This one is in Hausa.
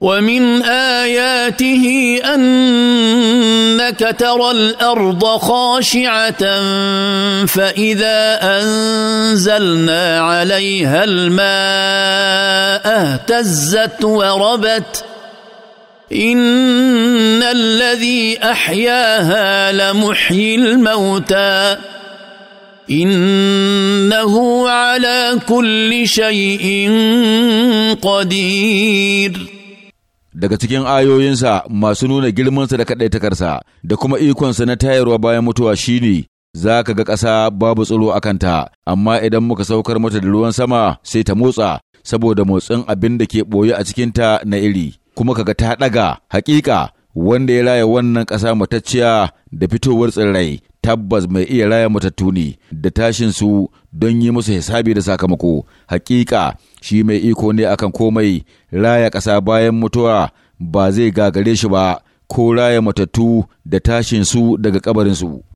ومن اياته انك ترى الارض خاشعه فاذا انزلنا عليها الماء اهتزت وربت ان الذي احياها لمحيي الموتى انه على كل شيء قدير daga cikin ayoyinsa masu nuna girmansa da kaɗaitakarsa da kuma ikonsa na tayarwa bayan mutuwa shine za ka ga ƙasa babu tsiro a kanta, amma idan muka saukar mata da ruwan sama sai ta motsa saboda motsin abin da ke ɓoye a cikinta na iri, kuma ka ga ta ɗaga, haƙiƙa. wanda ya raya wannan ƙasa matacciya da fitowar tsirrai tabbas mai iya raya matattu ne da tashin su don yi musu hisabi da sakamako hakika shi mai iko ne akan komai raya ƙasa bayan mutuwa ba zai gagare shi ba ko raya matattu da tashin su daga kabarinsu.